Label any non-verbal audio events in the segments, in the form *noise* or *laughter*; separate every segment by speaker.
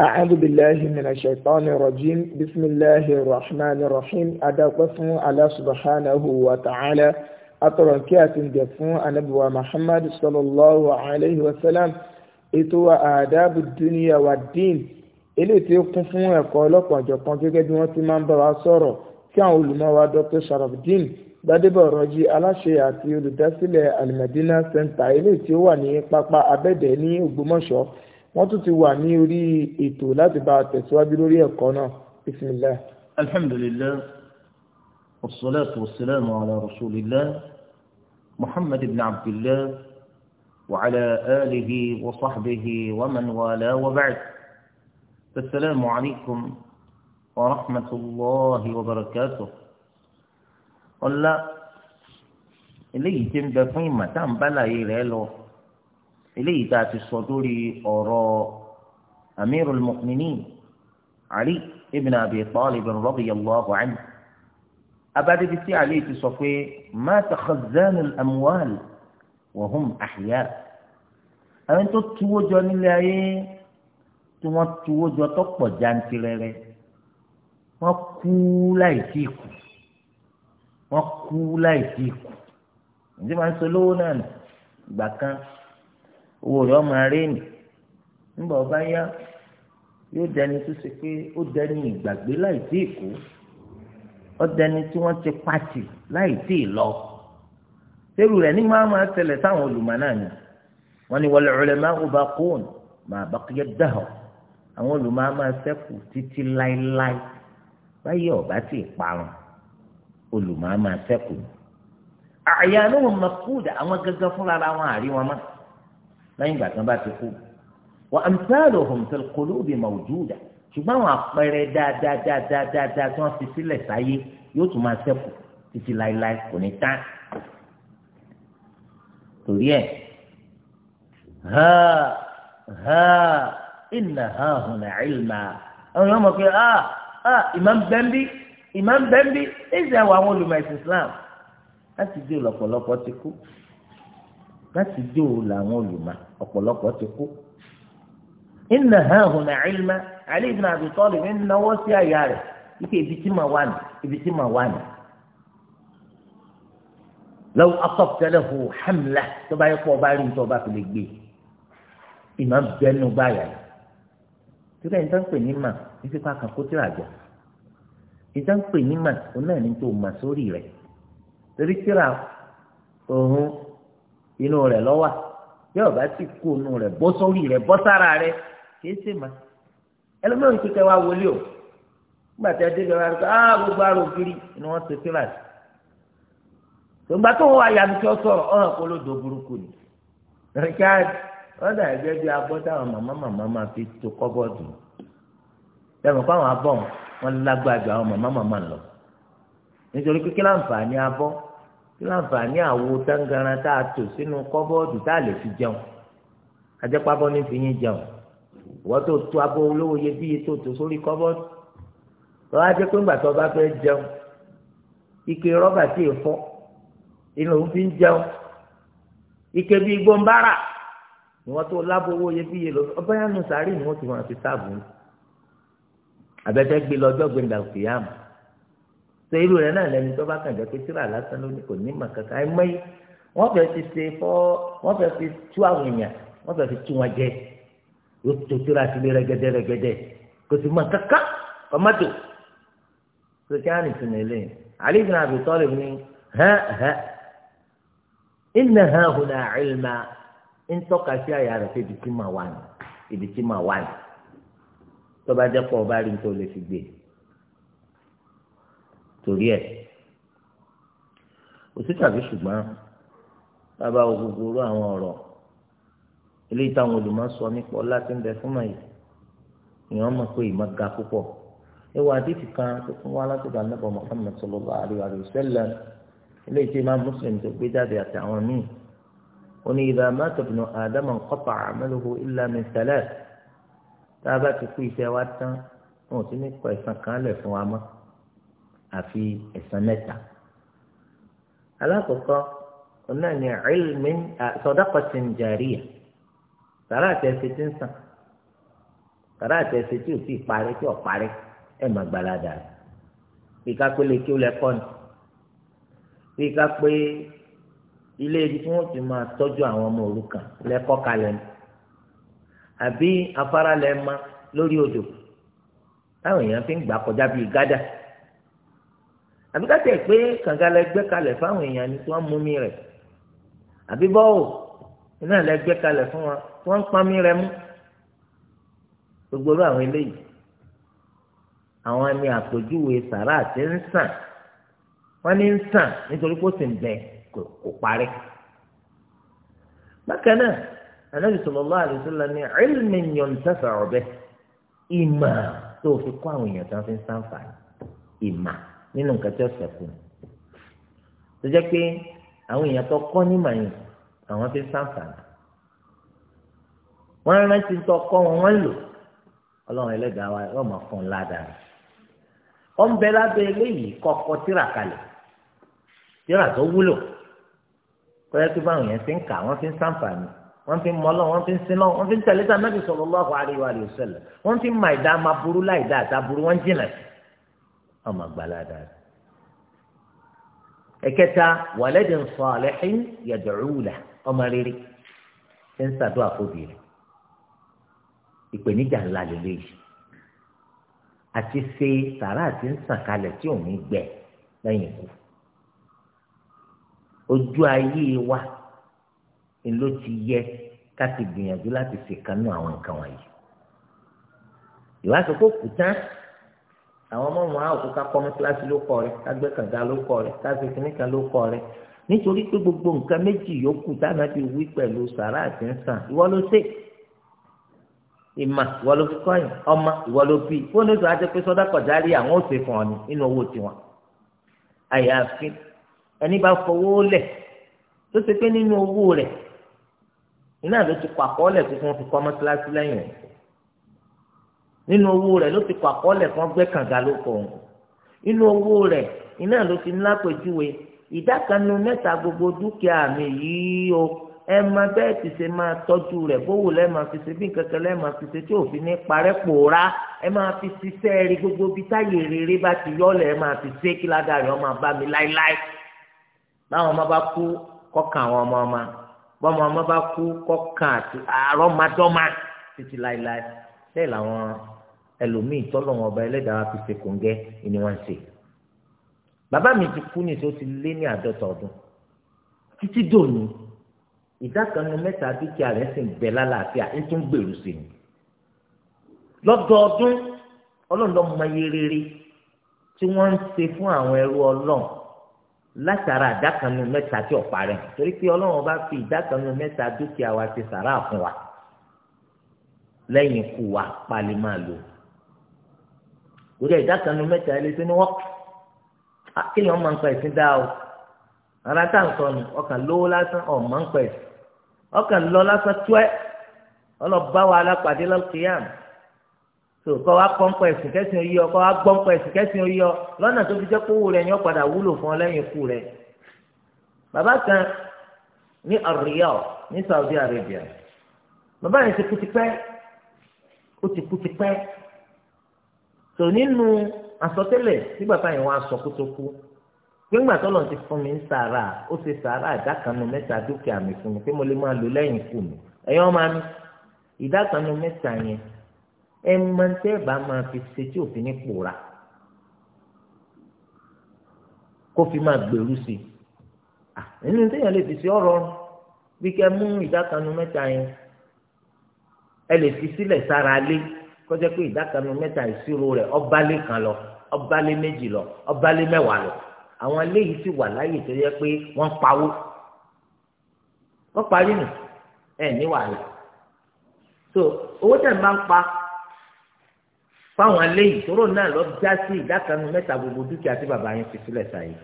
Speaker 1: أعوذ بالله من الشيطان الرجيم بسم الله الرحمن الرحيم أدقف على سبحانه وتعالى أتركات دفون أنبوى محمد صلى الله عليه وسلم ètò àdábù dúníà wà dín eléyìí tí ó kún fún ẹ̀kọ́ ọlọ́pàá ọ̀jọ̀kan gẹ́gẹ́ bí wọ́n ti máa ń bá wa sọ̀rọ̀ tí àwọn olùmọ̀wá dr sharafdin gbadebo ọ̀rọ̀jì aláṣẹ àti olùdásílẹ̀ alimadina center eléyìí tí ó wà ní pápá abẹ́dẹ̀ ní ògbómọ̀ṣọ́ wọ́n tún ti wà ní orí ètò láti bá a tẹ̀síwájú lórí ẹ̀kọ́ náà bismillah. alhamdulillah wasalaatu wasalaamu ala rasulillah muhammad ibn abdillah wa ala alihi wa sahbihi wa man wala wa ba'd asalaamu alaykum wa rahmatulahi wa barakatu. ọ̀la eléyìí ti ń bẹ fún ìmọ̀ tá à ń bá láàyè rẹ̀ lọ. eléyìí tá a ti sọ lórí ọ̀rọ̀ amirul mu'minin ali ibn abi talib radiyallahu anhu abadébí tí ali ti sọ pé mata khazanul amwal wa hum ahya àwọn tó tuwó jọ nílé ayé tí wọ́n tuwó jọ tó pọ̀ jantirẹrẹ wọ́n kú láì tí kú wọ́n kú láì tí kú ǹjẹ́ máa ń sọ lówó náà nù ìgbà owó rẹ̀ ọmọ arẹ́ẹ̀nì nígbà ọba yá yóò dẹni tó ṣe pé ó dẹni ìgbàgbé láì tí ì kú ó dẹni tí wọ́n ti pàtì láì tí ì lọ tẹ́lu rẹ̀ ní máa máa tẹ̀lẹ̀ sáwọn olùmọ̀ náà ni wọ́n ní wal ulama'u baqun ma baqiya dahr àwọn olùmọ̀ máa ṣẹ́kù títí láéláé báyìí ọ̀bá ti parun olùmọ̀ máa ṣẹ́kù àyà lóhùn mọ̀kúdà àwọn gẹ́gẹ́ fúnra ara wọn àrí wọn máa lẹ́yìn ìgbà tí wọ́n bá ti kú wa amsaluhum fil qulubi mawjuda ṣùgbọ́n àwọn àpẹẹrẹ dáadáadáadáa tí wọ́n fi sílẹ̀ sáyé yóò tún máa ṣẹ́kù títí láéláé kò ní tán torí ẹ̀ ha ha inna ha hùnà ilma àwọn èèyàn mọ̀ pé a a ìmọ̀ ń bẹ́ ń bí ìmọ̀ ń bẹ́ ń bí ẹ̀sẹ̀ àwọn Islam láti dé lọ́pọ̀lọpọ̀ ti kú láti dé òru làwọn olùmọ̀ ọ̀pọ̀lọpọ̀ ti kú. inna hahuna ilma Ali ibn Abi Talib ń náwó sí àyà rẹ̀ ike ibi tí màá wà ní ibi tí màá wà ní. law asabta lahu hamla tó bá yẹ kó ọba rí nítorí ọba fi lè gbé ìmọ̀ bẹ́nu báyà yìí. tí bẹ́ẹ̀ ní tó ní mà ní fipá kan kó tíra jọ ìjà ń ní mà òun náà ní tó mà sórí rẹ̀ torí tíra òun inú rẹ̀ lọ́wà bí ọba ti kó inú rẹ̀ bọ́ sórí rẹ̀ bọ́ sára rẹ̀ kìí ṣe má ẹlẹ́mìíràn ti kẹ́ wa wọlé o nígbà tí a dé bẹ̀rẹ̀ àti ah gbogbo àrò ògiri ni wọ́n ti fi láti tòǹgbà tó ń wá yanu kí ọ sọ̀rọ̀ ọ̀hàn kó ló do burúkú ni Richard wọ́n dà ẹgbẹ́ bíi abọ́ táwọn màmá màmá máa fi to kọ́bọ́ọ̀dù lẹ́nu fáwọn abọ́ wọn lágbájú àwọn màmá màmá lọ nítorí kíkí láǹfààní abọ́ kí láǹfààní àwo tangaran tá a tò sínú kọ́bọ́ọ̀dù tá a lè fi jẹun ajẹ́pábọ́ ní fi yín jẹun wọ́n tó tu abọ́ olówó iyebíye tó tò sórí kọ́bọ́ọ̀dù lọ́wọ́ ajẹ́ pé ńgbà tó bá fẹ́ jẹun ike rọ́bà tí ì fọ́ inú òun fi ń jẹun ike bíi gbọ̀nbára ni wọ́n tó lábọ́ owó iyebíye lọ ọbẹ̀ yẹn nù sàárì ni wọ́n ti máa fi sáàbù abẹ́fẹ́ gbé lọ́jọ́ gbẹ̀ndàkùyàmù so irú rẹ náà lẹni tó bá kàn jẹ pé tíra lásán lónìí kò ní màkàkà ẹ mọ yìí wọn fẹẹ fi ṣe fọ wọn fẹẹ fi tú àwọn èèyàn wọn fẹẹ fi tú wọn jẹ yóò tó tíra rẹgẹdẹ rẹgẹdẹ kò sí kọmátò kí á ní ilma ń tọ́ka sí àyà ibi tí màá wà ní ibi tí màá wà ní ọba rí nítorí lè fi gbé torí ẹ̀ òsì tàbí ṣùgbọ́n bàbá wo gbogbo orú àwọn ọ̀rọ̀ eléyìí táwọn olùmọ̀ sọ nípa ọlá tí ń bẹ fún màyì èèyàn mọ̀ pé ìmọ̀ ga púpọ̀ ewu àdìsí kan tó fún wa láti gbà nípa Muhammad sallallahu alaihi wa eléyìí tí Imam Muslim tó gbé jáde àti àwọn míì ó ní idha mata ibnu Adama qata'a amaluhu illa tá a bá ti kú iṣẹ́ wa tán wọn ò sí ní kọ ìsàn kan lẹ̀ fún wa mọ́ àfi ẹ̀san mẹ́ta alákọ̀ọ́kọ́ ọ̀nà ni ilmin sadaqatin jariyah sàrà àtẹ̀sí ti ń sàn sàrà àtẹ̀sí tí ò tí ì parí tí ò parí ẹ̀ máa gbalada rẹ̀ bí ká pé lèkí ó lẹ́kọ́ ni bí ká pé ilé ibi tí wọ́n ti máa tọ́jú àwọn ọmọ òrukàn lẹ́kọ́ kalẹ̀ ni àbí afárá lẹ́ẹ̀ lórí odò táwọn èèyàn fi ń gbà kọjá bíi gádà àbí kátẹ́ pé kànga lẹ gbẹ́ kalẹ̀ fáwọn èèyàn ni tí wọ́n mú mi rẹ̀ àbí bọ́ọ̀ iná lẹ gbẹ́ kalẹ̀ fún wọn tí wọ́n ń pa mi rẹ̀ mú gbogbo àwọn eléyìí àwọn ni àpèjúwe sàrà àti ń sàn wọ́n ní ń sàn nítorí pé ó sì ń bẹ kò parí bákan náà anabi sallallahu alaihi wasallam ní ilmin yuntafa'u bih ìmà tó fi kọ́ àwọn èèyàn tó fi ń sàǹfààní ìmà nínú nǹkan tí ọ̀sẹ̀ kù tó jẹ́ pé àwọn èèyàn tó kọ́ nímọ̀ yẹn àwọn fi ṣàǹfààní wọ́n rántí tó kọ́ wọn wọ́n lò ọlọ́run ẹlẹ́dàá wa yóò máa fún un ládàá ó ń bẹ lábẹ́ eléyìí kọ́kọ́ tíra kalẹ̀ tíra tó wúlò kọ́yẹ́ tó báwọn yẹn fi ń kà wọ́n fi ń ṣàǹfààní wọ́n fi ń mọ́lọ́ wọ́n fi ń sinọ́ wọ́n fi ń tẹ̀lé tá a nábì sallallahu alaihi wa wọ́n fi ń mà ìdá máa burú láì dáa tá wọ́n jìnà sí ọmọ àgbàládà rẹ̀ ẹ̀kẹta waladin salihin yad'u lahu ọmọ rere ṣe ń ṣàdúrà fóbi rẹ̀ ìpèníjà ńlá lélẹ̀ yìí àti ṣe tààrà àti ń sàn kalẹ̀ tí òun gbẹ lẹ́yìn ikú ojú ayé wa ni ló ti yẹ ká gbìyànjú láti ṣèkánú àwọn nǹkan wọ̀nyí ìwà sọ pé kùtà àwọn ọmọ wọn á òkú ká kọ́ ní kíláàsì ló kọ́ rẹ̀ ká gbé kànga ló kọ́ rẹ̀ ká ṣe kínní kan ló kọ́ rẹ̀ nítorí pé gbogbo nǹkan méjì yòókù táwọn ti wí pẹ̀lú sàrà àti ń sàn ìwọ ló ṣe ìmà ìwọ ló fi kọ́yìn ọmọ ìwọ ló bí fún oníṣòwò àti pé sọdá kọjárí àwọn ò fún ọ ní nínú owó tiwọn àyàfi ẹni bá fowó lẹ̀ tó ṣe pé nínú owó rẹ̀ iná ló ti pàkọ́ lẹ̀ tó fi kọ́ mọ́ kíláàsì lẹ́yìn rẹ̀ nínú owó rẹ̀ ló ti kọ àkọọ́lẹ̀ kan gbẹ́ kànga ló kọ òun nínú owó rẹ̀ iná ló ti ní lápèjúwe ìdá kan nu mẹ́ta gbogbo dúkìá mi yìí o ẹ máa bẹ́ẹ̀ ti ṣe máa tọ́jú rẹ̀ bówó lẹ́ẹ̀ máa fi ṣe bí kankan lẹ́ẹ̀ máa fi ṣe tí òfin ní parẹ́ pòórá ẹ máa fi ṣiṣẹ́ rí gbogbo bí táyé rere bá ti yọ́lẹ̀ ẹ máa fi ṣe kí ládàrí ọmọ bá mi láéláé báwọn ọmọ bá kú kọ́kàn àwọn ọmọ ọmọ bọ́mọ ọmọ bá kú kọ́kàn àti àrọ́mọdọ́mọ títí láéláé bẹ́ẹ̀ làwọn ẹlòmíì tọ́lọ̀ wọn ọba ẹlẹ́dàá fi ṣe kòǹgẹ́ ni wọ́n ń ṣe bàbá mi ti kú nìṣó ti lé ní àádọ́ta ọdún títí dòní ìdá kan nu mẹ́ta dúkìá rẹ̀ sì ń bẹ lálàáfíà ń tún gbèrú sí i lọ́dọọdún ọlọ́run ló mọ iye rere tí wọ́n ń ṣe fún àwọn ẹrú ọlọ́run látara ìdákanu mẹ́ta tí ọ̀pá rẹ̀ torí pé ọlọ́run bá fi ìdákanu mẹ́ta dúkìá wa ti sàrà fún wa lẹ́yìn ikú wa pálí máa lò orí ẹ̀dá kan nu mẹ́ta ẹ̀ lè fi ní wọ́n kí ni wọ́n máa ń pa ẹ̀sìn dá o ara tá à ń sọ nù ọkàn lówó lásán ọ̀ máa ń pa ẹ̀sìn ọkàn lọ lásán tuẹ́ ọlọ́ba wa alápàdé lọ́kìyàm tó kọ́ wa kọ́ ń pa ẹ̀sìn kẹ́sìn oyè ọ kọ́ wa gbọ́ ń pa ẹ̀sìn kẹ́sìn oyè ọ lọ́nà tó fi jẹ́ kówó rẹ̀ ni ó padà wúlò fún ọ lẹ́yìn ikú rẹ̀ bàbá kan ní Riyadh ní Saudi Arabia bàbá yẹn ti kú ti pẹ́ ó ti kú ti pẹ́ tò nínú àsọtẹ́lẹ̀ tí bàbá yẹn wá sọ kó tó kú gbẹ̀ngbà tọ́lọ̀ ti fún mi ń sàrà ó ti sàrà àdákanu mẹ́ta dúkìá mi fún mi pé mo lè máa lò lẹ́yìn kù mi ẹ̀yin ọmọ mi ìdákanu mẹ́ta yẹn ẹ máa ń tẹ́ bá máa fi ṣe tí òfin ní pòórá kó fi máa gbèrú sí i nínú téèyàn lè fi ṣe ọ̀rọ̀ bí kẹ́ mú ìdákanu mẹ́ta yẹn ẹ lè fi sílẹ̀ sára lé kọjá pé ìdákanu mẹ́ta ìṣirò rẹ̀ ọbalẹ kan lọ ọbalẹ méjì lọ ọbalẹ mẹ́wàá lọ àwọn eléyìí sì wà láyè tó yẹ pé wọ́n pawó wọ́n parí nù ẹ ní wàhálà so owó tẹ̀ ń bá ń pa fáwọn eléyìí tóró náà lọ já sí ìdákanu mẹ́ta gbogbo dúkìá tí bàbá yẹn fi sílẹ̀ sáyé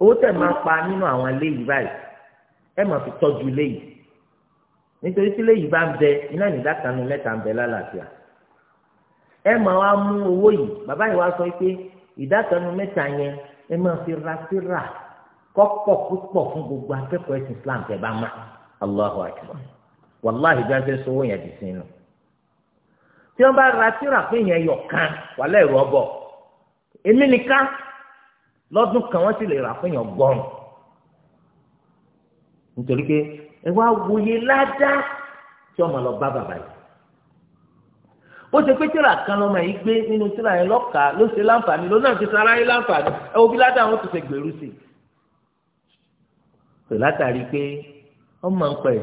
Speaker 1: owó tẹ̀ ń bá ń pa nínú àwọn eléyìí báyìí ẹ máa fi tọ́jú eléyìí nítorí tí eléyìí bá ń bẹ iná ìdákanu mẹ́ta ń bẹ lálàáfíà ẹ máa wá mú owó yìí bàbá yìí wá sọ pé ìdákanu mẹ́ta yẹn ẹ máa fi ra síra kọ́pọ̀ púpọ̀ fún gbogbo akẹ́kọ̀ọ́ ẹ̀sìn Islam tẹ̀ bá má Allahu akbar wàláhì bí a ṣe sọ́wọ́ yẹn ti sin nù tí wọ́n bá ra síra pé yẹn yọ̀ kan wàlẹ́ ìrù ọbọ̀ èmi nìkan lọ́dún kan wọ́n sì lè rà fún yẹn gbọ́rùn nítorí pé ẹ wá wòye ládàá tí ọmọ lọ bá bàbá yìí bó ṣe pé tíra kan lọ́mọ yìí gbé nínú tíra yẹn lọ́ka ló ṣe láǹfààní ló náà ti sara yìí láǹfààní ẹ wo bí ládàá wọn ti ṣe gbèrú sí i. pè látàrí pé wọ́n máa ń pẹ̀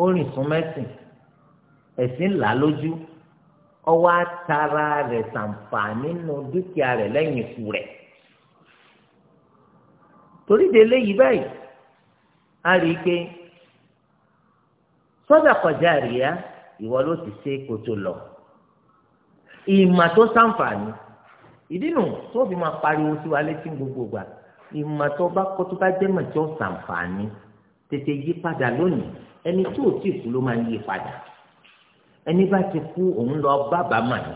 Speaker 1: ó rìn fún mẹ́sìn ẹ̀sìn là lójú ọwọ́ àtàrà rẹ̀ ṣàǹfààní nínú dúkìá rẹ̀ lẹ́yìn ikú rẹ̀. torí de léyìí báyìí a rí i pé sọ́dà kọjá rèé á ìwọ ló sì ṣe kótó lọ ìmà tó sàǹfààní ìdí nù tó fi máa pariwo sí wa létí gbogbo gbà ìmà tó bá kọ́ tó bá jẹ́ mọ̀ tó sàǹfààní tètè yí padà lónìí ẹni tó tí kú ló máa ń yí padà ẹni bá ti kú òun lọ bàbá mà ní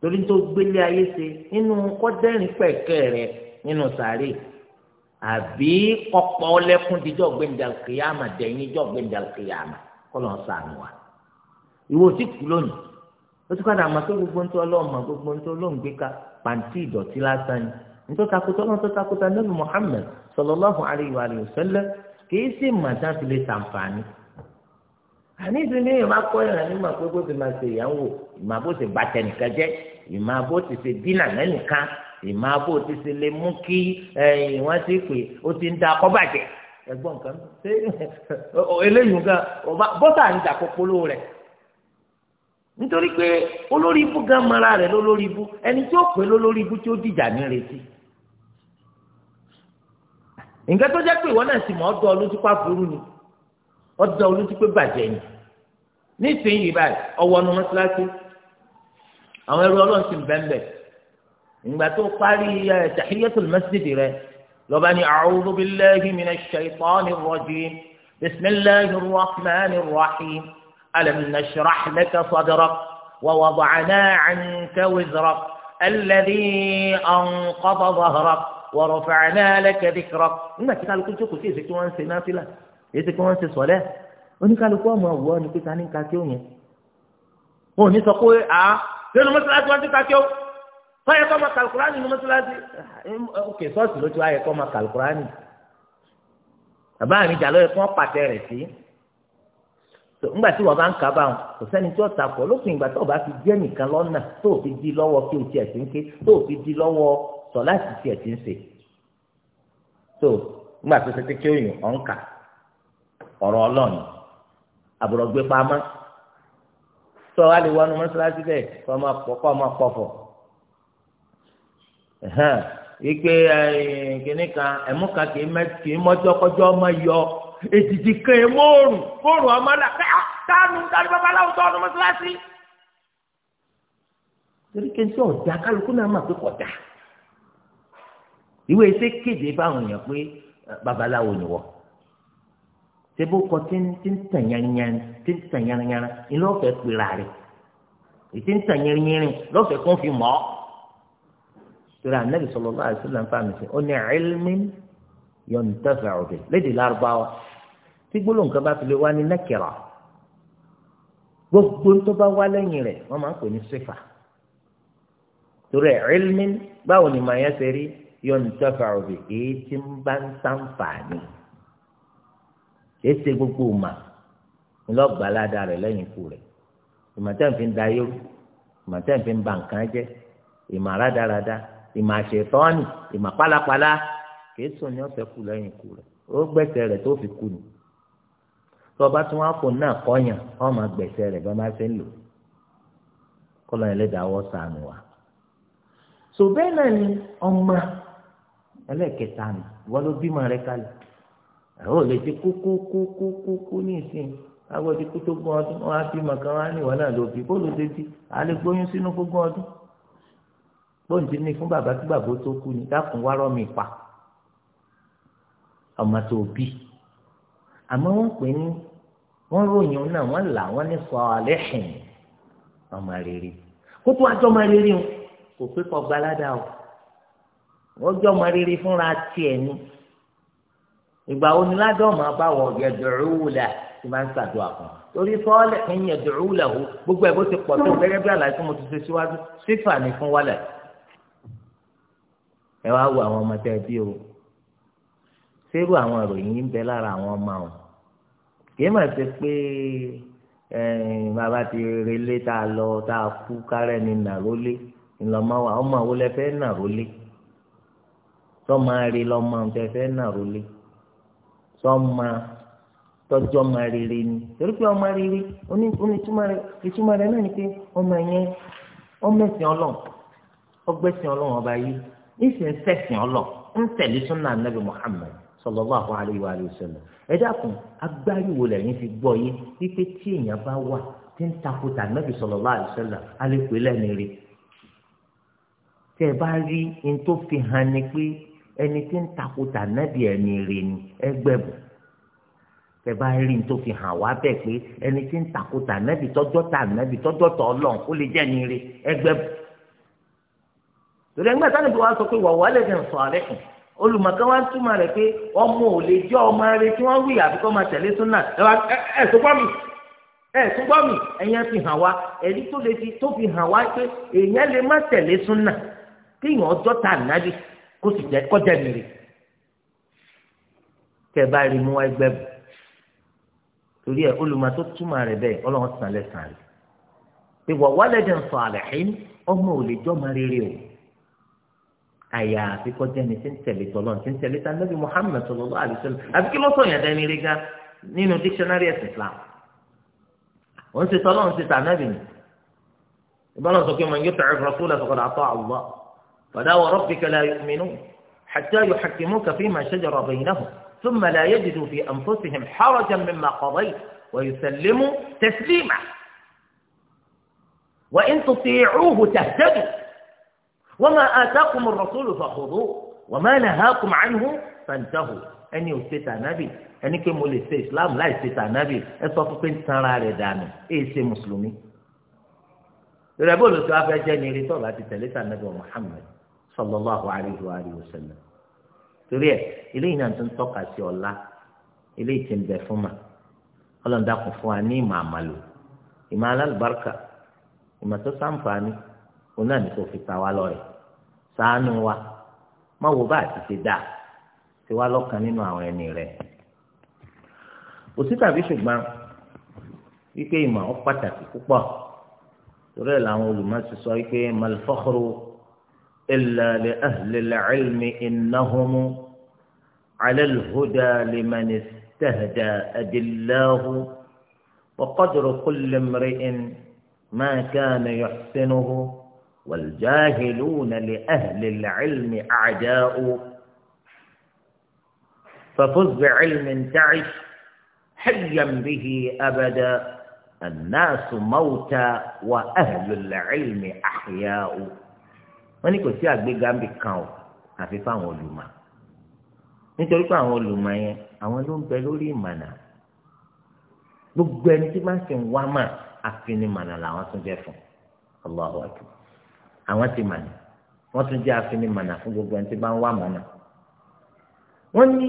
Speaker 1: torí tó gbélé ayé ṣe nínú kọ́dẹ́rìn pẹ̀kẹ́ rẹ nínú sàárè àbí ọ̀pọ̀ ọlẹ́kùn díjọ́ dẹ̀yìn díjọ́ kọlọ ń sànù wa ìwọ tí kú lónìí ó ti padà mọ̀ pé gbogbo ń tó ọlọ́run mọ̀ gbogbo ń tó ọlọ́run gbé ká pàǹtí ìdọ̀tí lásán ni nítorí takotọ náà tó takotọ nẹ́bí Muhammad sallallahu alayhi wa sallam kìí sì màtá fi lè sàǹfààní àní ìsinmi ìmọ̀ akọ́yọ̀ rẹ̀ nígbà pé bó ti máa ṣe ìyàwó ìmọ̀ bó ti bà tẹnìkan jẹ́ ìmọ̀ bó ti ṣe dínà lẹ́nìkan ìmọ̀ bó ti ṣe lè mú kí eh, wọ́n ti pè ó ti ń da akọ́bàjẹ́ ẹ̀gbọ́n nǹkan ṣé *laughs* eléyìí nǹkan ọba bọ́tà ń dàpọ̀ polówó rẹ̀ nítorí pé olórí ibú gan mara rẹ̀ lólórí ibú ẹni tí ó pè lólórí ibú tí ó dìjà ní retí nǹkan tó jẹ́ pé ìwọ náà sì mọ̀ ọ́dọ̀ olójúpá burú ni ọ́dọ̀ olójúpé bàjẹ́ ni nísìnyí báyìí ọwọ́ ọ̀nà mọ́sálásí àwọn ẹrú ọlọ́run sì ń bẹ́ńbẹ́ ìgbà tó parí eh, tahiyatul masjid rẹ̀ lọ́ba ní a'udhu billahi minash shaitanir rajim bismillahir rahmanir rahim alam nashrah laka sadrak wa wada'na 'anka wizrak alladhi anqadha dhahrak wa rafa'na laka dhikrak nígbà tí kálukú jókòó sí èsì tí wọ́n ń ṣe náfìlà èsì tí wọ́n ń ṣe sọ̀lẹ́ oníkálukú ọmọ àwùwọ́ ni pété á ní kakíó yẹn wọn ò ní sọ pé à lẹ́nu mọ́sálásí wọn ti kakíó wọ́n yẹ kọ́ ma kàlùkùránì ní mọ́tíláṣí òkè ah, sọ́ọ̀sì ló ti wá yẹ kọ́ ma kàlùkùránì bàbá àmì ìjà ló yẹ kọ́ pàtẹ rẹ̀ sí ńgbà tí wọn bá ń kà bá wọn kò sẹ́ni tí ó ta pọ̀ lópin ìgbà tó o bá fi jẹ́ nìkan lọ́nà tó o fi di lọ́wọ́ kí o tiẹ̀ ti ń ké tó o fi di lọ́wọ́ sọ láti tiẹ̀ ti ń sè tó ńgbà tó tètè kí òyìn ọ̀ ń kà ọ̀rọ̀ ọlọ́ọ̀nì àbúrò gbé pamọ́ tó o wá lè wọnú mọ́ṣáláṣí bẹ́ẹ̀ kọ́ ọ máa pọ̀ kọ́ ọ máa pọ̀ fọ̀ ike kìnnì kan ẹ̀mú kan kì í mọ́jọ́kọ́jọ́ ọmọ yọ ètìtì kan ẹ̀ mọ́ọ̀rùn mọ́ọ̀rùn ọmọ là kánú ah, kánú babaláwo tó ọdún mọ́sálásí. torí kẹ́ńtì ọ̀dà kálukú náà mà pé kọ̀dà ìwé ṣe kéde báwọn èèyàn pé eh, babaláwo ni wọ́n sebo kọ tí ń tàn yanyan tí ń tàn yanyan ni lọ́fẹ̀ẹ́ pera rẹ̀ ètí ń tàn yanyan lọ́fẹ̀ẹ́ kó fi mọ́ ọ́ torí النبي صلى الله عليه وسلم ẹsẹ ó ní ilmin yuntafa'u bihi lédè lárúbáwá tí gbólóhùn kan bá fi lè wá ní nakira gbogbo tó bá wá lẹ́yìn rẹ̀ wọ́n máa ń pè ní sífà torí ilmin báwo ni màá yẹ ṣe rí yuntafa'u bihi èyí tí ń bá ń sàǹfààní èsè gbogbo mà ńlọgbàládà rẹ̀ lẹ́yìn ikú rẹ̀ ìmọ̀tẹ́ fi ń da yóò ìmọ̀tẹ́ fi ìmọ̀ àrádáradá ìmọ̀ àṣetọ́ni ìmọ̀ pálapàla kìí sùn ní ọ̀sẹ̀ kù lẹ́yìn ikú rẹ̀ ó gbẹ̀sẹ̀ rẹ̀ tó fi kú ni tó bá tún wá fò náà kọ́yàn ọmọ gbẹ̀sẹ̀ rẹ̀ bá má ṣe ń lò kọ́lọ́ ẹlẹ́dàáwọ́ sànù wa. sò bẹ́ẹ̀ náà ni ọmọ ẹlẹ́kẹta ni wọ́n ló bímọ rẹ kalẹ̀ àwọn ò lè ti kú kú kú kú kú kú ní ìsìn àwọn kú tó gbọ́n ọdún wọn á bímọ kan wọn ní ìwọ náà ló bóńdì ní fún bàbá tí bàbá tó kú ní dákun wá rọ́ mi pa ọmọ tó bí àmọ́ wọ́n pè ní wọ́n ròyìn òun náà wọ́n là wọ́n ní sọ alẹ́ hìn ọmọ rere kó tó àjọ ọmọ rere o kò pé kọ́ gbalada o wọ́n jọ ọmọ rere fúnra tiẹ̀ ni ìgbà wo ni ládọ́ ọmọ abáwọ̀ yẹ̀dùrú wùlà tí máa ń ṣàdúrà fún torí sọ́ọ́lẹ̀ ń yẹ̀dùrú wùlà o gbogbo ẹ̀ bó ti pọ̀ tó gẹ́gẹ́ bí àlàyé tí mo ti ṣe síwájú sífà ni fún wálẹ̀ ẹ wá wo àwọn ọmọ tẹ ẹ bí o sẹ́rù àwọn ìròyìn ń bẹ lára àwọn ọmọ àwọn kìí mà ṣe pé bàbá ti relé tá a lọ tá a kú kárẹ́ ni nàrólé ńlọmọ wa ọmọ àwọn lẹfẹ́ nàrólé sọmọ rí lọmọ tẹfẹ́ nàrólé sọmọ tọjọ ọmọ rere ni torí pé ọmọ rere onítúmọ̀ rẹ náà ni pé ọmọ yẹn ọmọ ẹ̀sìn ọlọ́run ọgbẹ́sìn ọlọ́run ọba yìí níṣẹ́ ń sẹ̀sìn ọlọ́ ń tẹ̀lé súnà nàbì Muhammad sallallahu alayhi wa sallam ẹ dákun agbáríwo lẹ́yìn fi gbọ́ yé wípé tí èèyàn bá wà tí ń takuta nàbì sallallahu alayhi wa sallam alẹ́pẹ́ lẹ́nu rí tẹ́ ẹ bá rí n tó fi hàn ni pé ẹni tí ń takuta nàbì ẹni rí ni ẹgbẹ́bù tẹ́ bá rí n tó fi hàn wá bẹ́ẹ̀ pé ẹni tí ń takuta nàbì tọ́jọ́ nàbì tọ́jọ́ ọlọ́run ó lè jẹ́ ni rí ẹgbẹ́bù. torí ẹgbẹ́ sani bí wàá sọ pé wàá wàlẹ̀ dẹ̀ sọ alẹ́ kù olùmọ̀kan wá túmọ̀ rẹ̀ pé ọmọ ò lè jẹ́ ọmọ rẹ tí wọ́n wí àbí máa tẹ̀lé súnà fi hàn wá ẹ̀rí tó lè fi tó fi hàn wá pé èèyàn lè má tẹ̀lé súnà ọjọ́ ta kó sì jẹ́ bá rí mú ẹgbẹ́ bù àyàfi kọjá ni tí ń tẹ̀lé tọ́lọ́ tí ń tẹ̀lé tán Nabi muhammed sallallahu alaihi wasallam àbí kí ló sọ yẹn dání rí gan nínú dictionary ẹ̀sìn Islam òun ti tọ́lọ́ òun ti tà nábì ni ìbálò sọ pé man yuti'i rasula faqad ata'a Allah fala wa rabbika la yu'minun hatta yuhakkimuka fima shajara baynahum thumma la yajidu fi anfusihim harajan mimma qadayta wa yusallimu mà wa in tuti'uhu tahtadu. wọ́n máa àtàkùn rọ̀sọ́lù fàkòrò wọ́n máa nà ha kùn àánú fàǹtàhù ẹni ò ṣe tànàbì ẹni pé mo lè ṣe islam láì ṣe tànàbì ẹ sọ fún pé ń tanra rẹ̀ dànù ẹ ṣe mùsùlùmí. rẹ̀ bó ló sọ afẹ́ jẹ́ ni eré tọ́ba ti tẹ̀lé tànàbì Muhammad sallallahu alayhi wa alihi wa sallam. torí ẹ eléyìí náà tún tọ́ka sí ọlá eléyìí ti ń bẹ fún ma ọlọ́run dákun fún wa ní ìmọ̀ àmàlò ìmọ̀ alálùbáríkà ìmọ̀ tó sáǹfààní òun náà ní kò fi ta wá lọ́rẹ̀ẹ́ ṣàánú wa má wo bá àti ṣe dáa ṣe wá lọ́kàn nínú àwọn ẹni rẹ̀ òsì tàbí ṣùgbọ́n wípé ìmọ̀ ọ́ pàtàkì púpọ̀ torí ẹ̀ làwọn olùmọ̀ọ́sí sọ wípé malfakhru illa li ahli al-ilmi innahum ala al-huda liman istahda adillahu wa qadru kulli imri'in ma kana yuhsinuhu. والجاهلون لأهل العلم أعداء ففز بعلم تعش حيا به أبدا الناس موتى وأهل العلم أحياء wọ́n ní kò sí àgbéga ń bì kan o àfi fáwọn olùmọ̀ nítorí pé àwọn olùmọ̀ yẹn àwọn ló ń bẹ lórí ìmọ̀nà gbogbo ẹni tí máa ń sìn wá mà àfinimọ̀nà làwọn tún jẹ́ fún Allahu Akbar. àwọn ti mànà wọ́n tún jẹ́ afinimànà fún gbogbo ẹni tí bá ń wà mọ́nà. wọ́n ní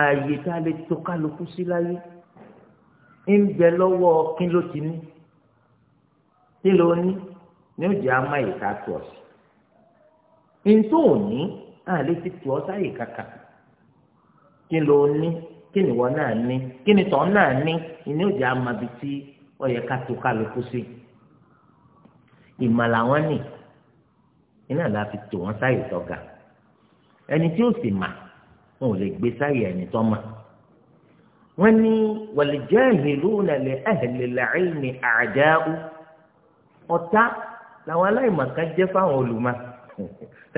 Speaker 1: ààyè tá a lè tó kálukú sí láyé ń bẹ lọ́wọ́ kí ló ti ní kí ló ní ní ó jẹ́ àmọ́ àyíká tó ọ̀ sí. ntó ò ní lè ti tó ọ sáyè kàkà kí ló ní kí nìwọ náà ní kí nìtọ́ náà ní ìní ó jẹ́ àmọ́ àbí tí ó yẹ ká tó kálukú sí. ìmọ̀ làwọn nì iná la fi tò wọ́n sáyè tọ́ga ẹni tí ó sì mà wọn ò lè gbé sáyè ẹni tó mà wọ́n ní waljahiluna li ahlil ilmi a'da'u ọ̀tá làwọn aláìmọ̀kan jẹ́ fáwọn olùmọ̀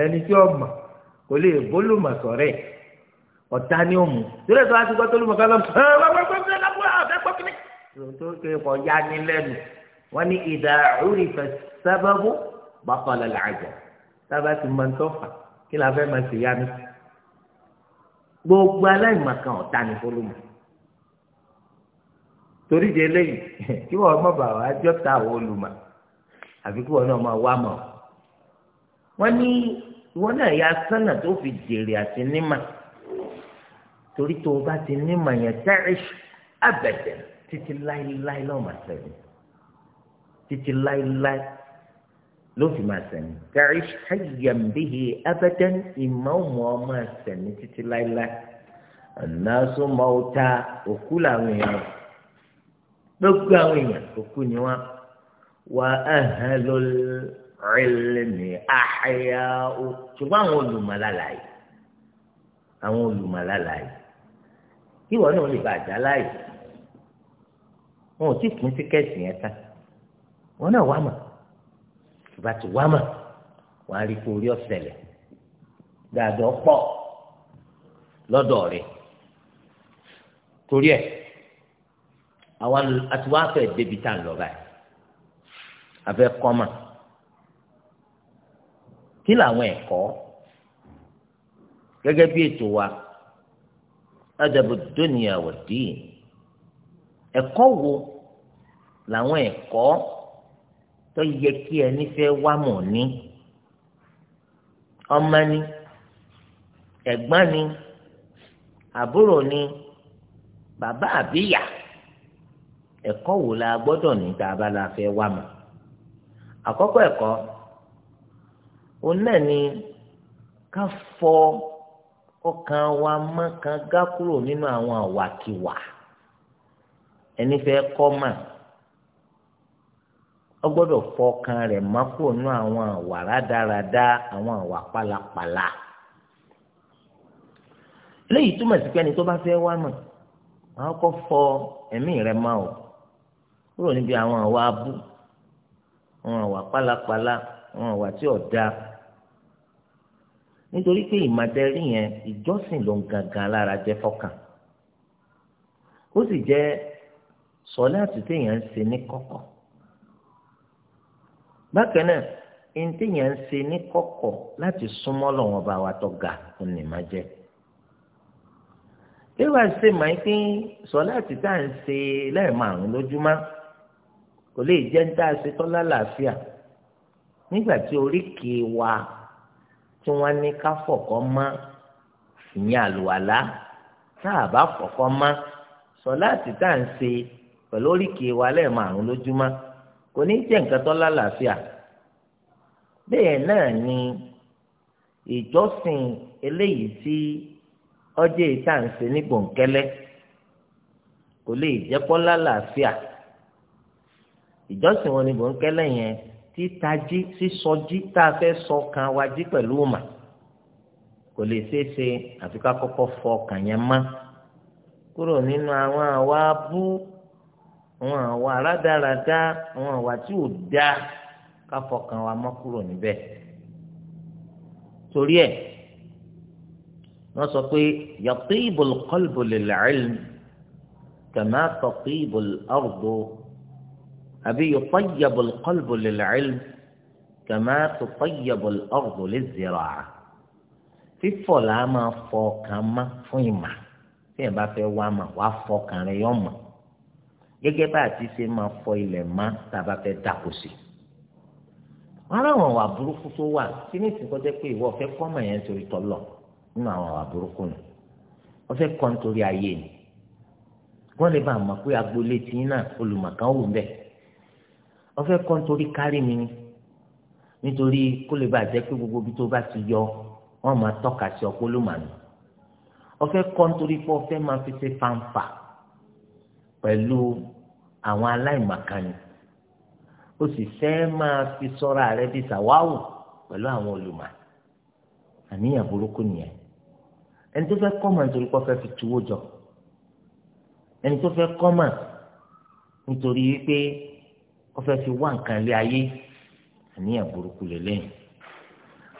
Speaker 1: ẹni tí ó mọ̀ kò lè bólúmọ̀ sọ̀rẹ́ ọ̀tá ni ó mú torí ẹ̀sọ́ àti gbọ́tọ́ olùmọ̀kan lọ sọ̀rọ̀ ẹ̀ wọ́n wọ́n wọ́n wọ́n wọ́n wọ́n wọ́n wọ́n wọ́n wọ́n wọ́n wọ́n wọ́n wọ́n wọ́n wọ́n wọ́n sábàbù bàtàlà làjà sábà ti máa ń tọ́fà kí la fẹ́ máa ṣe yá mi gbogbo aláìmọ̀kan ọ̀tá ni fọlọ́mù torí di eléyìí *laughs* kí wọn má bàa wá jọ ta àwọn olùmọ̀ àfi kí wọn náà máa wá mọ̀ wọn ní ìwọ náà ya sánà tó fi jèrè àti nímà torí tó o bá ti nímà yẹn tẹ́rìṣ abẹ̀dẹ̀ títí láéláé lọ́mọ àtẹ̀lẹ́ títí láéláé ló fi máa sẹ̀mí kàrí ṣàyẹ̀mbìhì abẹ́tẹ́n ìmọ̀ọ́mù ọmọ sẹ̀mí títí láéláé ànáṣó mọ́ọ́ta òkú làwọn èèyàn gbogbo àwọn èèyàn òkú ni wọ́n wà ahlul ilmi ahya ṣùgbọ́n àwọn olùmọ̀lálàyé àwọn olùmọ̀lálàyé kí wọ́n náà lè bàjá láàyè wọn ò tí kún tíkẹ́ẹ̀tì yẹn tán wọn náà wà mọ̀ bá ti wá mà wàá rí kó orí ọ̀sẹ̀lẹ̀ dáadọ́ pọ̀ lọ́dọ̀ rẹ̀ torí ẹ̀ àwa àti wàá fẹ́ débi tá à ń lọ báyìí àfẹ́ kọ́mà kí làwọn ẹ̀kọ́ gẹ́gẹ́ bí ètò wa adabu dunya wa din wo làwọn ẹ̀kọ́ tó yẹ kí ẹni fẹ́ wá mọ̀ ní ọmọ ni ẹ̀gbọ́n ni àbúrò ni bàbá àbíyà ẹ̀kọ́ wo la gbọ́dọ̀ ní tá a bá la fẹ́ wá mọ̀ àkọ́kọ́ ẹ̀kọ́ òun náà ni ká fọ ọkàn wa mọ́ kan gá kúrò nínú àwọn àwàkiwà ẹni fẹ́ kọ́ mọ̀ ó gbọ́dọ̀ fọkàn rẹ̀ mọ́kò nú àwọn àwà rádaràda àwọn àwà pálapàla léyìí túmọ̀ sí pé ẹni tó bá fẹ́ wá mọ̀ àwọn kọ́ fọ ẹ̀mí rẹ̀ mọ́ o kúrò níbi àwọn àwà abú àwọn àwà pálapàla àwọn àwà tí ò dáa nítorí pé ìmọ̀tẹ́rì yẹn ìjọsìn ló ń gangan lára jẹ́ fọ́kàn ó sì jẹ́ sọ́láàtì téèyàn ń ṣe ní kọ̀kọ̀ bákan náà ntí yẹn ń ṣe ní kọ̀kọ̀ láti súnmọ́ lọ́wọ́n bá wa tó ga fún ní má jẹ́ bí wàá ṣe máa ń pín sọláàtì tá à ń ṣe lẹ́ẹ̀márùn lójúmọ́ kò lè jẹ́ ń dá ṣe tọ́lá làáfíà nígbà tí oríkèé wa tí wọ́n ní ká fọ̀kọ́ mọ́ ìyẹn àlùwàlá tá a bá fọ̀kọ́ mọ́ sọláàtì tá à ń ṣe pẹ̀lú oríkèé wa lẹ́ẹ̀márùn lójúmọ́ kò ní jẹ́ nǹkan tó lálàáfíà bẹ́ẹ̀ náà ni ìjọsìn eléyìí tí ọjọ́ ìta ń ṣe ní bòńkẹ́lẹ́ kò lè jẹ́ kó lálàáfíà ìjọsìn wọn ní bòńkẹ́lẹ́ yẹn títají sísọjí tá a fẹ́ sọ kan wájí pẹ̀lú mà kò lè ṣeé ṣe àfi ká kọ́kọ́ fọ ọkàn yẹn mọ́ kúrò nínú àwọn àwa bú. àwọn àwa aládàradà àwọn àwa tí ò dá káfọkàn wa mọ́ kúrò níbẹ̀ torí ẹ̀ wọ́n sọ pé yatibu al-qalbu lil-ilm kama tatibu al-ardu àbí yatayyabu al-qalbu lil-ilm kama tatayyabu al-ardu liz-zira'a fífọ̀ làá máa fọ ọkàn má fún ìmà tí ẹ̀ bá fẹ́ wá mà wá fọ ọkàn rẹ̀ yọ̀ mọ̀ gẹ́gẹ́ bá a ti ṣe máa fọ ilẹ̀ má tàbá fẹ́ dàkó sí i wọn àwọn àwà burúkú tó wà tí ní ìsìnkú jẹ́ pé ìwọ ọ̀fẹ́ kọ́ mọ̀ọ́yẹn torí tọ́lọ̀ nínú àwọn àwà burúkú nù ọ̀fẹ́ kọ́ nítorí ayé ni wọ́n lè bá a mọ̀ pé agboolé tí náà olùmọ̀kan wò ń bẹ̀ ọ̀fẹ́ kọ́ nítorí kárí mi ni nítorí kó lè bá a jẹ́ pé gbogbo ibi tó bá ti yọ wọ́n máa tọ́ka sí ọpọ́ ló mànú ọ̀fẹ́ kọ́ nítorí pé ọ̀fẹ́ máa fi ṣe fanfa pẹ̀lú àwọn aláìmàkànnì ó sì fẹ́ máa fi sọ́ra rẹ di sàwáwò pẹ̀lú àwọn olùmọ̀ àníyàn burúkú nìyẹn ẹni tó fẹ́ kọ́mà nítorí pé ó fẹ́ fi tuwó jọ ẹni tó fẹ́ kọ́mà nítorí pé ó fẹ́ fi wá nǹkan lé ayé àníyàn burúkú lélẹ́yìn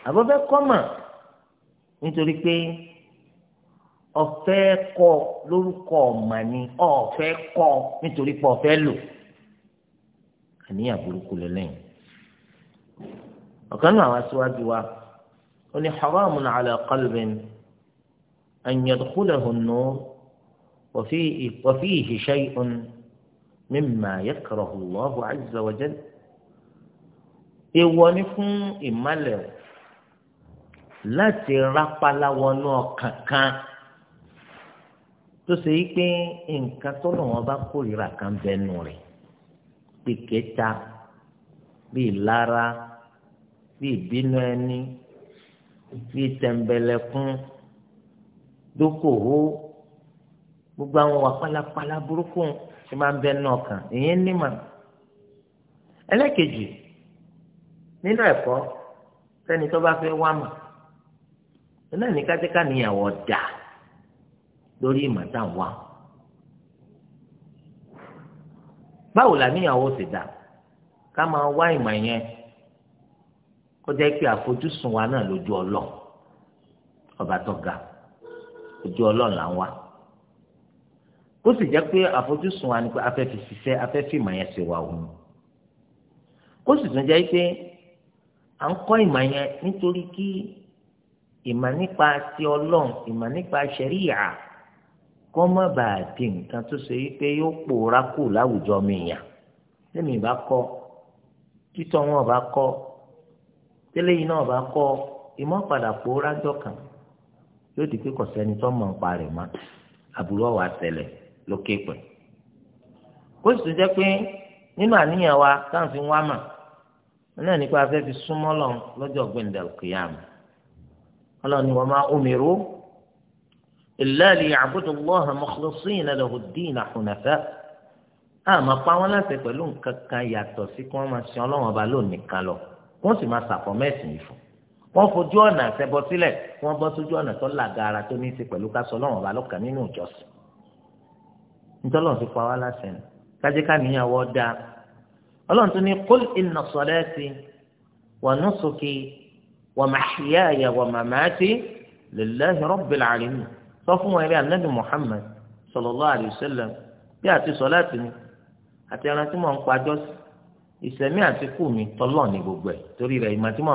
Speaker 1: àbọ̀fẹ́ kọ́mà nítorí pé ọ̀fẹ́ kọ lórúkọ ọ̀mà ni ọ̀fẹ́ kọ nítorí pé ọ̀fẹ́ lò àníyàn burúkú lẹ́lẹ́yìn ọ̀kan náà wá síwájú wa ó ní haramun ala qalbin an yadkhulahu an-nur wa fihi shay'un mimma yakrahu Allahu azza fún ìmálẹ̀ láti rápálá wọnú ọkàn kan. kan tó ṣe pé nǹkan tó lọ́wọ́ bá kórìíra kan bẹnu rẹ̀ bí kẹta bí lára bí ìbínú ẹni bí tẹ̀m̀bẹ̀lẹ̀kún dókòwò gbogbo àwọn wà pálapàla burúkú ṣe máa ń bẹnu ọkàn ìyẹn nímà ẹlẹ́kejì nínú ẹ̀kọ́ sẹ́ni tó bá fẹ́ wá mà náà ní kájíká níyàwó dáa lórí ìmọ̀tà wa. báwo làníyàwó ti dà ká máa wá ìmọ̀ yẹn kó jẹ́ kí àfojúsùn wa náà lójú ọlọ́ọ̀ ọba tó ga ojú ọlọ́ọ̀ là ń wá ó sì jẹ́ pé àfojúsùn wa ni pé afẹ́fẹ́ ṣiṣẹ́ afẹ́fẹ́ ìmọ̀ yẹn ṣe wà òun ó sì tún jẹ́ pé à ń kọ́ ìmọ̀ yẹn nítorí kí ìmọ̀ nípa ti ọlọ́run ìmọ̀ nípa ṣẹ̀ríyà kọ́ má bàa di nǹkan tó ṣe yí pé yóò pòórá kù láwùjọ mi tẹ́mi bá kọ́ títọ́ wọn bá kọ́ tẹ́lẹ̀ yìí náà bá kọ́ ìmọ̀padà pòórá jọ yóò di sẹ́ni tó mọ̀ mọ́ àbúrò tẹ̀lẹ̀ lókè pẹ̀. ó sì jẹ́ pé nínú àníyàn wa ń wá mà náà nípa afẹ́ fi súnmọ́ lọ́jọ́ ọlọ́ni wọn máa omi إلا ليعبدوا الله مخلصين له الدين حنفاء àmọ́ pa wọ́n láti pẹ̀lú nǹkan kan yàtọ̀ sí kí wọ́n máa sin Ọlọ́run ọba lónìí kan lọ wọ́n sì máa sàpọ̀ mẹ́sìn yìí fún wọ́n fojú ọ̀nà àṣẹbọ sílẹ̀ wọ́n bọ́ sójú ọ̀nà tó làgàrà tó ní í ṣe pẹ̀lú ká sọ Ọlọ́run ọba nínú ìjọsìn nítorí ti pa wá láṣẹ ni kájíká níyàwó dáa Ọlọ́run tó ní kul inna salati wa nusuki wa mahyaya wa mamati lillahi rabbil alamin sọ fún wọn eré anabi muhammed sallallahu alayhi wa sallam bí àti sọláàtì mi àti ẹran tí mò ń pa jọ́sí ìsẹ̀mí àti kù mi tọ́lọ̀ ní gbogbo ẹ̀ torí rẹ̀ ìmọ̀ tí mò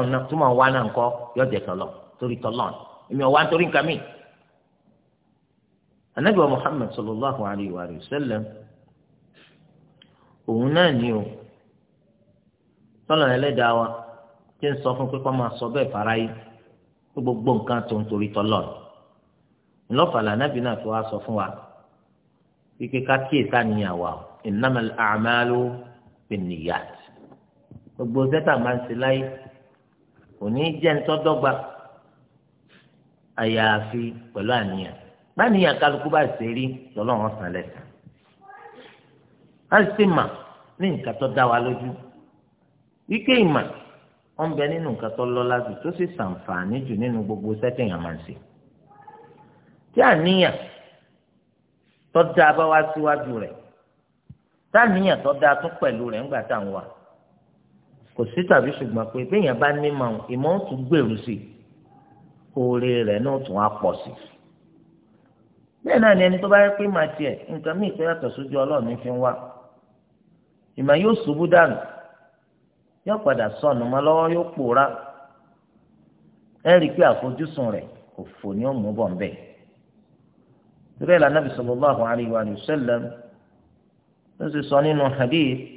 Speaker 1: ń wá náà ń kọ́ yọ̀jẹ̀ tọ́lọ̀ torí tọ́lọ̀ èmi ò wá nítorí nǹkan mi. anabi muhammed sallallahu alayhi wa sallam òun náà ni o tọ́lọ̀ ẹlẹ́dàá wa tí ń sọ fún pé máa sọ bẹ́ẹ̀ fara yìí gbogbo nǹkan tó ń torí tọ́lọ̀ ni ńlọ́fàlà anábì náà fi wá sọ fún wa wípé ká kíyè sáníyàn wa innamal a'malu binniyat gbogbo zẹ́tà máa ń ṣe láyé òní jẹ́ ńtọ́dọ́gba àyàfi pẹ̀lú àníyàn báníyàn kálukú bá ṣe rí lọ́lọ́run sàn lẹ́sàn á sì mà ní nǹkan tó dá wa lójú wíkẹ́ ìmà wọn nínú nǹkan tó lọ́lá jù tó sì ṣàǹfààní jù nínú gbogbo sẹ́tìyàn máa ń ṣe tí àníyàn tó dáa bá wá síwájú rẹ̀ táníyàn tó dáa tún pẹ̀lú rẹ̀ ńgbà tá à ń wà kò sí tàbí ṣùgbọ́n pé béèyàn bá ní màá ìmọ̀ tún gbèrú sí oore rẹ̀ náà tún á pọ̀ sí bẹ́ẹ̀ náà ni ẹni tó bá yẹ pé màá tiẹ̀ nǹkan míì tó yàtọ̀ sójú ọlọ́run ní fi ń wá ìmọ̀ yóò ṣubú dànù yóò padà sọnù mọ́ lọ́wọ́ yóò pòórá ẹ rí i pé àfojúsùn rẹ̀ òfò ni ó mú bọ̀ ń bẹ́ẹ̀. قال النبي صلى الله عليه وآله وسلم نزل صانين حديث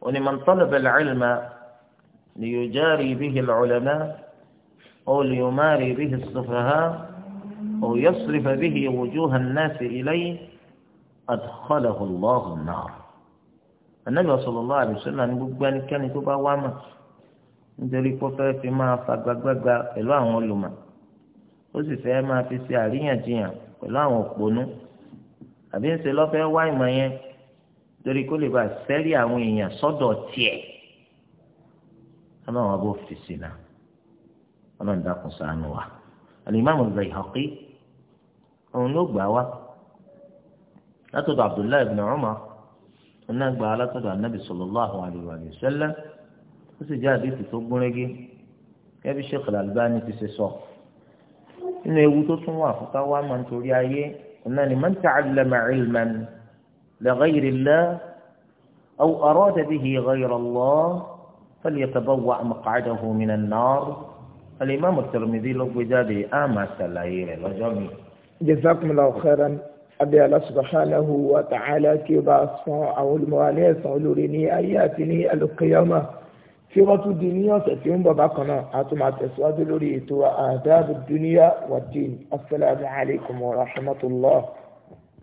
Speaker 1: ولمن طلب العلم ليجاري به العلماء أو ليماري به السفهاء أو يصرف به وجوه الناس إليه أدخله الله النار النبي صلى الله عليه وسلم يقول كان يتوبى وامس نجري كفر فيما فقق بقى إلوان علماء وزي فيما في سعرين جيان pẹ̀lú àwọn òpònú àbí ń ṣe lọ́fẹ́ wá ìmọ̀ yẹn torí kó lè bá sẹ́rí àwọn èèyàn sọ́dọ̀ tiẹ̀ ọlọ́run ọba òfin sí náà ọlọ́run dákun ṣàánú wa Al-Imam Al-Bayhaqi òun ló gbà wá látọ̀dọ̀ Abdullahi ibn Umar òun náà gbà wá látọ̀dọ̀ Annabi sallallahu alayhi wa sallam ó sì jẹ́ àdéhùn tó gúnrégé kẹ́bí Sheikh al ti ṣe sọ. So nínú ewu tó tún wà fún káwá máa ń torí ayé náà ni man ta'allama ilman li ghayri Allah aw arada bihi ghayra Allah falyatabawwa' maq'adahu mina an-nar al-imam at-Tirmidhi ló gbé jáde á máa ṣàlàyé rẹ̀ lọ́jọ́ mi. jazakumullahu khairan abẹ́ alásùbáhánà tí wọ́n tún di ní ọ̀sẹ̀ tí ó ń bọ̀ bákan náà a tún máa tẹ̀síwájú lórí ètò àdáàbò dúníyà wàdí asalaamualeykum wa rahmatulah.